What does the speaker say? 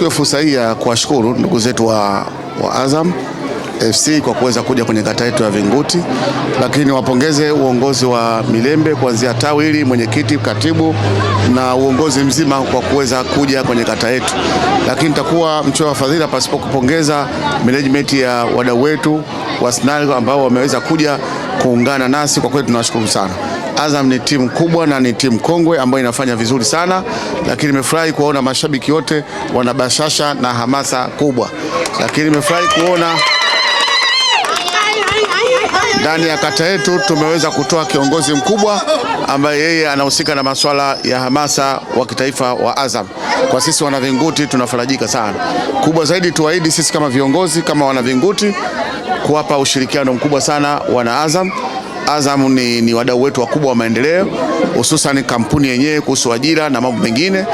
Nichukue fursa hii ya kuwashukuru ndugu zetu wa, wa Azam FC kwa kuweza kuja kwenye kata yetu ya Vinguti, lakini wapongeze uongozi wa Milembe kuanzia tawi hili, mwenyekiti, katibu na uongozi mzima kwa kuweza kuja kwenye kata yetu, lakini takuwa mchoyo wa fadhila pasipo kupongeza management ya wadau wetu wa SNAL ambao wameweza kuja kuungana nasi. Kwa kweli tunawashukuru sana. Azam ni timu kubwa na ni timu kongwe ambayo inafanya vizuri sana, lakini nimefurahi kuwaona mashabiki wote wana bashasha na hamasa kubwa, lakini nimefurahi kuona ndani ya kata yetu tumeweza kutoa kiongozi mkubwa ambaye yeye anahusika na masuala ya hamasa wa kitaifa wa Azam. Kwa sisi wanavinguti tunafarajika sana. Kubwa zaidi tuahidi sisi kama viongozi kama wanavinguti kuwapa ushirikiano mkubwa sana wana Azam. Azam ni, ni wadau wetu wakubwa wa maendeleo, hususan kampuni yenyewe kuhusu ajira na mambo mengine.